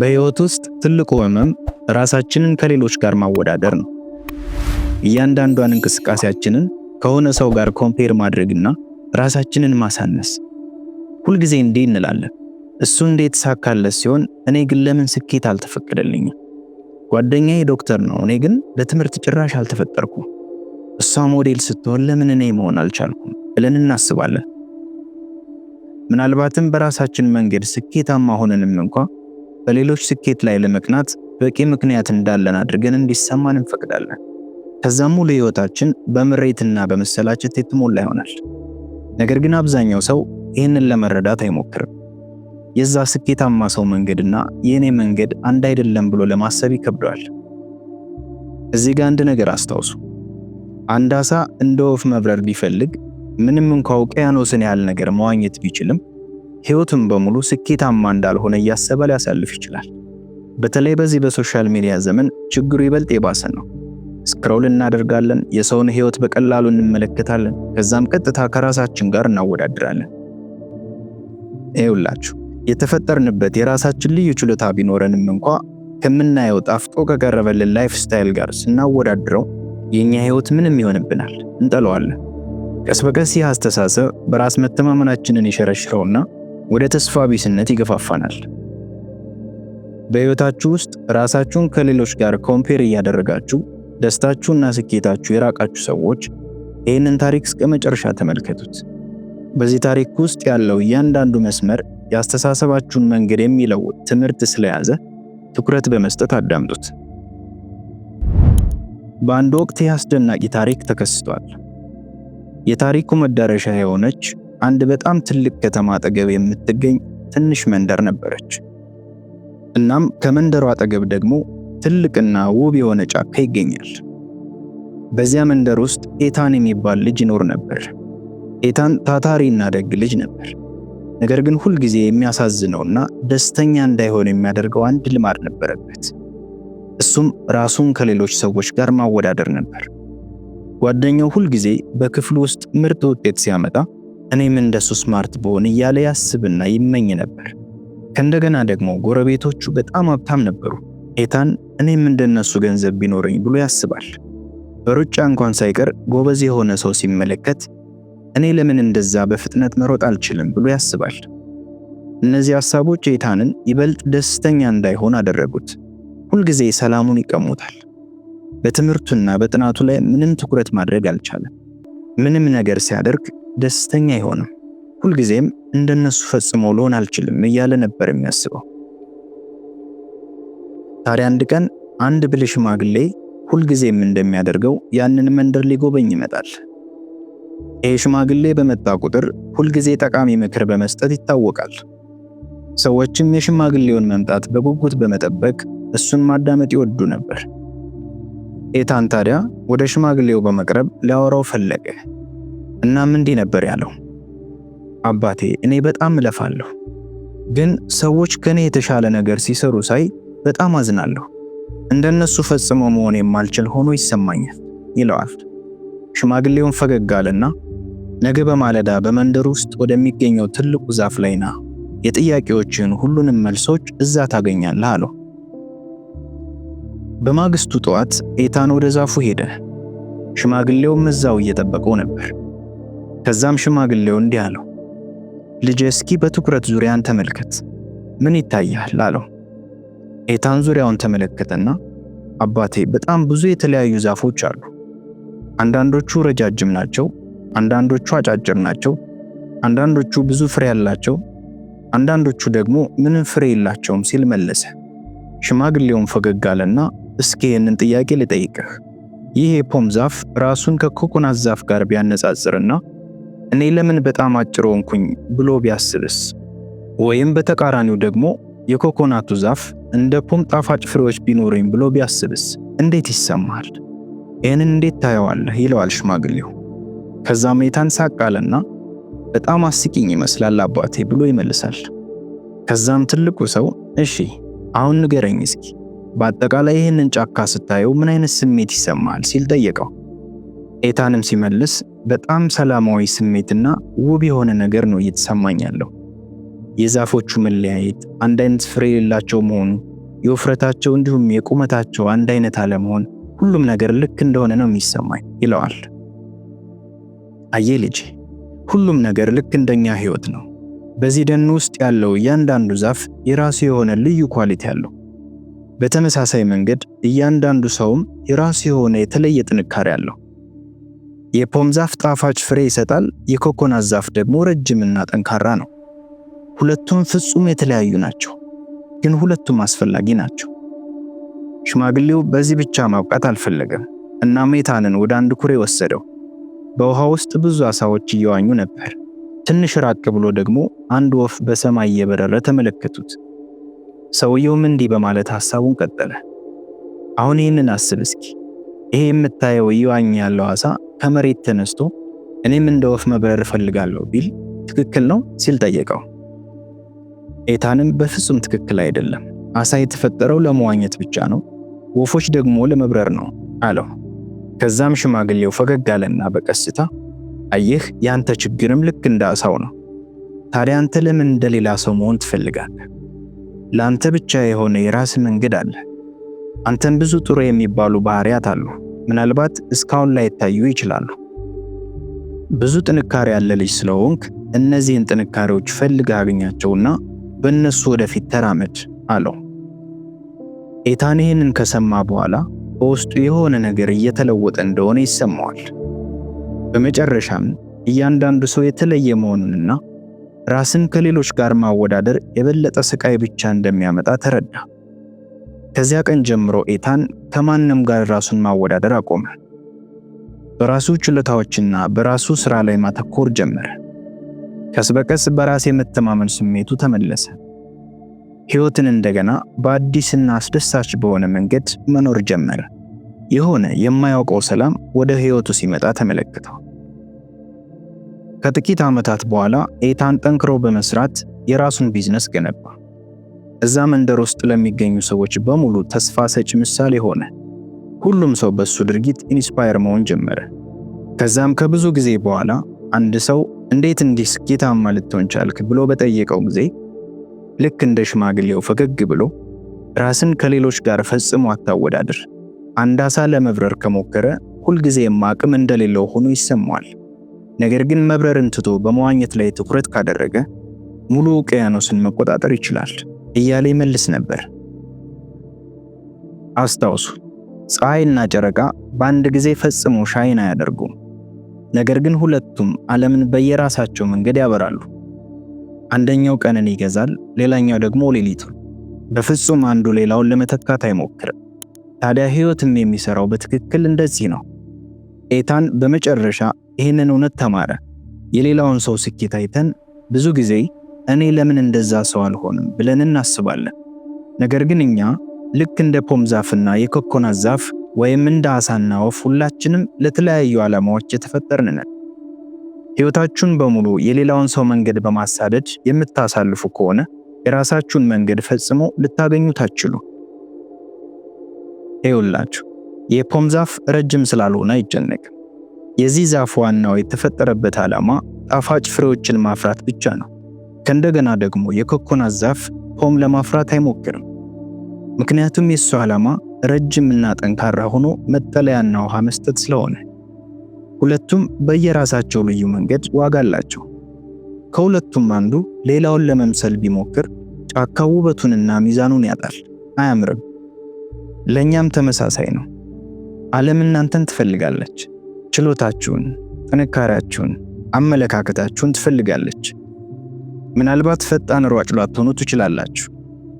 በህይወት ውስጥ ትልቁ ህመም ራሳችንን ከሌሎች ጋር ማወዳደር ነው። እያንዳንዷን እንቅስቃሴያችንን ከሆነ ሰው ጋር ኮምፔር ማድረግና ራሳችንን ማሳነስ። ሁልጊዜ እንዲህ እንላለን፣ እሱ እንዴት ሳካለት ሲሆን እኔ ግን ለምን ስኬት አልተፈቀደልኝም? ጓደኛዬ ዶክተር ነው፣ እኔ ግን ለትምህርት ጭራሽ አልተፈጠርኩም። እሷ ሞዴል ስትሆን ለምን እኔ መሆን አልቻልኩም? ብለን እናስባለን። ምናልባትም በራሳችን መንገድ ስኬታማ ሆነንም እንኳ በሌሎች ስኬት ላይ ለመቅናት በቂ ምክንያት እንዳለን አድርገን እንዲሰማን እንፈቅዳለን። ከዛም ሙሉ ህይወታችን በምሬትና በመሰላቸት የተሞላ ይሆናል። ነገር ግን አብዛኛው ሰው ይህንን ለመረዳት አይሞክርም። የዛ ስኬታማ ሰው መንገድና የእኔ መንገድ አንድ አይደለም ብሎ ለማሰብ ይከብደዋል። እዚህ ጋር አንድ ነገር አስታውሱ። አንድ አሳ እንደ ወፍ መብረር ቢፈልግ ምንም እንኳ ውቅያኖስን ያህል ነገር መዋኘት ቢችልም ህይወቱን በሙሉ ስኬታማ እንዳልሆነ እያሰበ ሊያሳልፍ ይችላል። በተለይ በዚህ በሶሻል ሚዲያ ዘመን ችግሩ ይበልጥ የባሰ ነው። ስክሮል እናደርጋለን፣ የሰውን ህይወት በቀላሉ እንመለከታለን፣ ከዛም ቀጥታ ከራሳችን ጋር እናወዳድራለን። ይኸውላችሁ የተፈጠርንበት የራሳችን ልዩ ችሎታ ቢኖረንም እንኳ ከምናየው ጣፍጦ ከቀረበልን ላይፍ ስታይል ጋር ስናወዳድረው የኛ ህይወት ምንም ይሆንብናል፣ እንጠለዋለን። ቀስ በቀስ ይህ አስተሳሰብ በራስ መተማመናችንን ይሸረሽረውና ወደ ተስፋ ቢስነት ይገፋፋናል። በሕይወታችሁ ውስጥ ራሳችሁን ከሌሎች ጋር ኮምፔር እያደረጋችሁ ደስታችሁና ስኬታችሁ የራቃችሁ ሰዎች ይህንን ታሪክ እስከ መጨረሻ ተመልከቱት። በዚህ ታሪክ ውስጥ ያለው እያንዳንዱ መስመር የአስተሳሰባችሁን መንገድ የሚለውጥ ትምህርት ስለያዘ ትኩረት በመስጠት አዳምጡት። በአንድ ወቅት ይህ አስደናቂ ታሪክ ተከስቷል። የታሪኩ መዳረሻ የሆነች አንድ በጣም ትልቅ ከተማ አጠገብ የምትገኝ ትንሽ መንደር ነበረች። እናም ከመንደሩ አጠገብ ደግሞ ትልቅና ውብ የሆነ ጫካ ይገኛል። በዚያ መንደር ውስጥ ኤታን የሚባል ልጅ ይኖር ነበር። ኤታን እና ደግ ልጅ ነበር። ነገር ግን ሁልጊዜ የሚያሳዝነውና ደስተኛ እንዳይሆን የሚያደርገው አንድ ልማድ ነበረበት። እሱም ራሱን ከሌሎች ሰዎች ጋር ማወዳደር ነበር። ጓደኛው ሁልጊዜ በክፍሉ ውስጥ ምርጥ ውጤት ሲያመጣ እኔም እንደሱ ስማርት በሆን እያለ ያስብና ይመኝ ነበር። ከእንደገና ደግሞ ጎረቤቶቹ በጣም ሀብታም ነበሩ። ኤታን እኔም እንደነሱ ገንዘብ ቢኖረኝ ብሎ ያስባል። በሩጫ እንኳን ሳይቀር ጎበዝ የሆነ ሰው ሲመለከት እኔ ለምን እንደዛ በፍጥነት መሮጥ አልችልም ብሎ ያስባል። እነዚህ ሀሳቦች ኤታንን ይበልጥ ደስተኛ እንዳይሆን አደረጉት። ሁልጊዜ ሰላሙን ይቀሙታል። በትምህርቱና በጥናቱ ላይ ምንም ትኩረት ማድረግ አልቻለም። ምንም ነገር ሲያደርግ ደስተኛ አይሆንም። ሁልጊዜም እንደነሱ ፈጽሞ ልሆን አልችልም እያለ ነበር የሚያስበው። ታዲያ አንድ ቀን አንድ ብልህ ሽማግሌ ሁልጊዜም እንደሚያደርገው ያንን መንደር ሊጎበኝ ይመጣል። ይህ ሽማግሌ በመጣ ቁጥር ሁልጊዜ ጠቃሚ ምክር በመስጠት ይታወቃል። ሰዎችም የሽማግሌውን መምጣት በጉጉት በመጠበቅ እሱን ማዳመጥ ይወዱ ነበር። ኤታን ታዲያ ወደ ሽማግሌው በመቅረብ ሊያወራው ፈለገ። እናም እንዲህ ነበር ያለው፣ አባቴ እኔ በጣም እለፋለሁ፣ ግን ሰዎች ከኔ የተሻለ ነገር ሲሰሩ ሳይ በጣም አዝናለሁ። እንደነሱ ፈጽሞ መሆን የማልችል ሆኖ ይሰማኛል ይለዋል። ሽማግሌውን ፈገግ አለና ነገ በማለዳ በመንደር ውስጥ ወደሚገኘው ትልቁ ዛፍ ላይ ና፣ የጥያቄዎችን ሁሉንም መልሶች እዛ ታገኛለህ አለው። በማግስቱ ጠዋት ኤታን ወደ ዛፉ ሄደ። ሽማግሌውም እዛው እየጠበቀው ነበር። ከዛም ሽማግሌው እንዲህ አለው፣ ልጄ እስኪ በትኩረት ዙሪያን ተመልከት፣ ምን ይታያል አለው። ኤታን ዙሪያውን ተመለከተና አባቴ በጣም ብዙ የተለያዩ ዛፎች አሉ። አንዳንዶቹ ረጃጅም ናቸው፣ አንዳንዶቹ አጫጭር ናቸው፣ አንዳንዶቹ ብዙ ፍሬ ያላቸው፣ አንዳንዶቹ ደግሞ ምንም ፍሬ የላቸውም ሲል መለሰ። ሽማግሌውም ፈገግ አለና እስኪ ይህንን ጥያቄ ልጠይቅህ ይህ የፖም ዛፍ ራሱን ከኮኮናት ዛፍ ጋር ቢያነጻጽርና እኔ ለምን በጣም አጭር ሆንኩኝ ብሎ ቢያስብስ? ወይም በተቃራኒው ደግሞ የኮኮናቱ ዛፍ እንደ ፖም ጣፋጭ ፍሬዎች ቢኖረኝ ብሎ ቢያስብስ እንዴት ይሰማል? ይህንን እንዴት ታየዋለህ? ይለዋል ሽማግሌው። ከዛም የታንሳቅ አለና በጣም አስቂኝ ይመስላል አባቴ ብሎ ይመልሳል። ከዛም ትልቁ ሰው እሺ አሁን ንገረኝ እስኪ በአጠቃላይ ይህንን ጫካ ስታየው ምን አይነት ስሜት ይሰማል ሲል ጠየቀው። ኤታንም ሲመልስ በጣም ሰላማዊ ስሜትና ውብ የሆነ ነገር ነው እየተሰማኝ ያለው። የዛፎቹ መለያየት፣ አንድ አይነት ፍሬ የሌላቸው መሆኑ፣ የውፍረታቸው እንዲሁም የቁመታቸው አንድ አይነት አለመሆን፣ ሁሉም ነገር ልክ እንደሆነ ነው የሚሰማኝ ይለዋል። አየህ ልጄ፣ ሁሉም ነገር ልክ እንደኛ ህይወት ነው። በዚህ ደን ውስጥ ያለው እያንዳንዱ ዛፍ የራሱ የሆነ ልዩ ኳሊቲ አለው። በተመሳሳይ መንገድ እያንዳንዱ ሰውም የራሱ የሆነ የተለየ ጥንካሬ አለው። የፖም ዛፍ ጣፋጭ ፍሬ ይሰጣል። የኮኮናት ዛፍ ደግሞ ረጅምና ጠንካራ ነው። ሁለቱም ፍጹም የተለያዩ ናቸው፣ ግን ሁለቱም አስፈላጊ ናቸው። ሽማግሌው በዚህ ብቻ ማብቃት አልፈለገም እና ሜታንን ወደ አንድ ኩሬ ወሰደው። በውሃ ውስጥ ብዙ አሳዎች እየዋኙ ነበር። ትንሽ ራቅ ብሎ ደግሞ አንድ ወፍ በሰማይ እየበረረ ተመለከቱት። ሰውየውም እንዲህ በማለት ሐሳቡን ቀጠለ። አሁን ይህንን አስብ እስኪ ይሄ የምታየው እየዋኝ ያለው ዓሳ ከመሬት ተነስቶ እኔም እንደ ወፍ መብረር እፈልጋለሁ ቢል ትክክል ነው ሲል ጠየቀው። ኤታንም በፍጹም ትክክል አይደለም፣ አሳ የተፈጠረው ለመዋኘት ብቻ ነው፣ ወፎች ደግሞ ለመብረር ነው አለው። ከዛም ሽማግሌው ፈገግ አለና በቀስታ አየህ፣ ያንተ ችግርም ልክ እንደ አሳው ነው። ታዲያ አንተ ለምን እንደሌላ ሰው መሆን ትፈልጋለህ? ለአንተ ብቻ የሆነ የራስ መንገድ አለ። አንተም ብዙ ጥሩ የሚባሉ ባህሪያት አሉ። ምናልባት እስካሁን ላይታዩ ይችላሉ። ብዙ ጥንካሬ ያለ ልጅ ስለሆንክ እነዚህን ጥንካሬዎች ፈልገህ አግኛቸውና በእነሱ ወደፊት ተራመድ አለው። ኤታን ይህንን ከሰማ በኋላ በውስጡ የሆነ ነገር እየተለወጠ እንደሆነ ይሰማዋል። በመጨረሻም እያንዳንዱ ሰው የተለየ መሆኑንና ራስን ከሌሎች ጋር ማወዳደር የበለጠ ስቃይ ብቻ እንደሚያመጣ ተረዳ። ከዚያ ቀን ጀምሮ ኤታን ከማንም ጋር ራሱን ማወዳደር አቆመ። በራሱ ችሎታዎችና በራሱ ስራ ላይ ማተኮር ጀመረ። ቀስ በቀስ በራስ የመተማመን ስሜቱ ተመለሰ። ሕይወትን እንደገና በአዲስና አስደሳች በሆነ መንገድ መኖር ጀመረ። የሆነ የማያውቀው ሰላም ወደ ሕይወቱ ሲመጣ ተመለከተው። ከጥቂት ዓመታት በኋላ ኤታን ጠንክሮ በመስራት የራሱን ቢዝነስ ገነባ። እዛ መንደር ውስጥ ለሚገኙ ሰዎች በሙሉ ተስፋ ሰጪ ምሳሌ ሆነ። ሁሉም ሰው በሱ ድርጊት ኢንስፓየር መሆን ጀመረ። ከዛም ከብዙ ጊዜ በኋላ አንድ ሰው እንዴት እንዲህ ስኬታማ ልትሆን ቻልክ ብሎ በጠየቀው ጊዜ ልክ እንደ ሽማግሌው ፈገግ ብሎ ራስን ከሌሎች ጋር ፈጽሞ አታወዳድር፣ አንድ ዓሣ ለመብረር ከሞከረ ሁልጊዜም አቅም እንደሌለው ሆኖ ይሰማዋል። ነገር ግን መብረርን ትቶ በመዋኘት ላይ ትኩረት ካደረገ ሙሉ ውቅያኖስን መቆጣጠር ይችላል። እያለ ይመልስ ነበር። አስታውሱ፣ ፀሐይና ጨረቃ በአንድ ጊዜ ፈጽሞ ሻይን አያደርጉም። ነገር ግን ሁለቱም ዓለምን በየራሳቸው መንገድ ያበራሉ። አንደኛው ቀንን ይገዛል፣ ሌላኛው ደግሞ ሌሊቱን። በፍጹም አንዱ ሌላውን ለመተካት አይሞክርም። ታዲያ ሕይወትም የሚሰራው በትክክል እንደዚህ ነው። ኤታን በመጨረሻ ይህንን እውነት ተማረ። የሌላውን ሰው ስኬት አይተን ብዙ ጊዜ እኔ ለምን እንደዛ ሰው አልሆንም ብለን እናስባለን። ነገር ግን እኛ ልክ እንደ ፖም ዛፍና የኮኮናት ዛፍ ወይም እንደ አሳና ወፍ ሁላችንም ለተለያዩ ዓላማዎች የተፈጠርን ነን። ሕይወታችሁን በሙሉ የሌላውን ሰው መንገድ በማሳደድ የምታሳልፉ ከሆነ የራሳችሁን መንገድ ፈጽሞ ልታገኙት አትችሉ። ይኸውላችሁ የፖም ዛፍ ረጅም ስላልሆነ አይጨነቅም። የዚህ ዛፍ ዋናው የተፈጠረበት ዓላማ ጣፋጭ ፍሬዎችን ማፍራት ብቻ ነው። ከእንደገና ደግሞ የኮኮናት ዛፍ ፖም ለማፍራት አይሞክርም። ምክንያቱም የእሱ ዓላማ ረጅምና ጠንካራ ሆኖ መጠለያና ውሃ መስጠት ስለሆነ፣ ሁለቱም በየራሳቸው ልዩ መንገድ ዋጋ አላቸው። ከሁለቱም አንዱ ሌላውን ለመምሰል ቢሞክር ጫካው ውበቱንና ሚዛኑን ያጣል፣ አያምርም። ለእኛም ተመሳሳይ ነው። ዓለም እናንተን ትፈልጋለች። ችሎታችሁን፣ ጥንካሬያችሁን፣ አመለካከታችሁን ትፈልጋለች። ምናልባት ፈጣን ሯጭ ላትሆኑ ትችላላችሁ።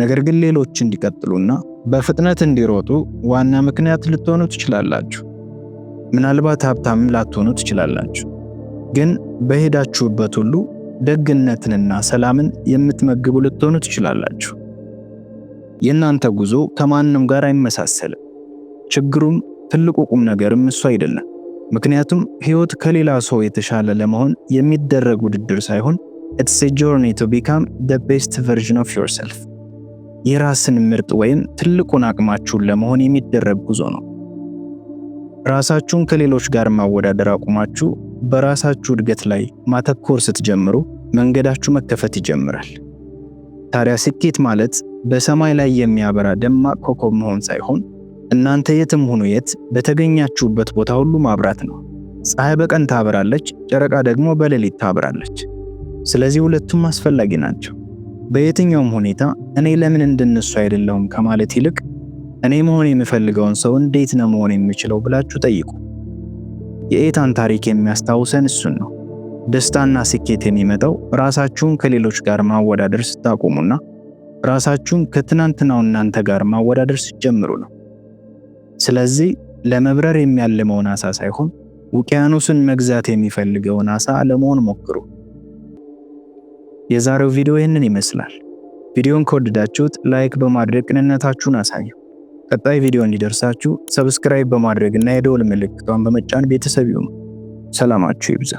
ነገር ግን ሌሎች እንዲቀጥሉና በፍጥነት እንዲሮጡ ዋና ምክንያት ልትሆኑ ትችላላችሁ። ምናልባት ሀብታም ላትሆኑ ትችላላችሁ። ግን በሄዳችሁበት ሁሉ ደግነትንና ሰላምን የምትመግቡ ልትሆኑ ትችላላችሁ። የእናንተ ጉዞ ከማንም ጋር አይመሳሰልም። ችግሩም ትልቁ ቁም ነገርም እሱ አይደለም። ምክንያቱም ሕይወት ከሌላ ሰው የተሻለ ለመሆን የሚደረግ ውድድር ሳይሆን ኢትስ ኤ ጆርኒ ቱ ቢካም ዘ ቤስት ቨርዥን ኦፍ ዮርሰልፍ የራስን ምርጥ ወይም ትልቁን አቅማችሁን ለመሆን የሚደረግ ጉዞ ነው። ራሳችሁን ከሌሎች ጋር ማወዳደር አቁማችሁ በራሳችሁ እድገት ላይ ማተኮር ስትጀምሩ መንገዳችሁ መከፈት ይጀምራል። ታዲያ ስኬት ማለት በሰማይ ላይ የሚያበራ ደማቅ ኮከብ መሆን ሳይሆን እናንተ የትም ሁኑ የት በተገኛችሁበት ቦታ ሁሉ ማብራት ነው። ፀሐይ በቀን ታበራለች፣ ጨረቃ ደግሞ በሌሊት ታበራለች። ስለዚህ ሁለቱም አስፈላጊ ናቸው። በየትኛውም ሁኔታ እኔ ለምን እንደነሱ አይደለሁም ከማለት ይልቅ እኔ መሆን የምፈልገውን ሰው እንዴት ነው መሆን የምችለው ብላችሁ ጠይቁ። የኤታን ታሪክ የሚያስታውሰን እሱን ነው። ደስታና ስኬት የሚመጣው ራሳችሁን ከሌሎች ጋር ማወዳደር ስታቆሙና ራሳችሁን ከትናንትናው እናንተ ጋር ማወዳደር ስትጀምሩ ነው። ስለዚህ ለመብረር የሚያልመውን አሳ ሳይሆን ውቅያኖስን መግዛት የሚፈልገውን አሳ ለመሆን ሞክሩ። የዛሬው ቪዲዮ ይህንን ይመስላል። ቪዲዮን ከወደዳችሁት ላይክ በማድረግ ቅንነታችሁን አሳዩ። ቀጣይ ቪዲዮ እንዲደርሳችሁ ሰብስክራይብ በማድረግ እና የደወል ምልክቷን በመጫን ቤተሰብ ይሁኑ። ሰላማችሁ ይብዛ።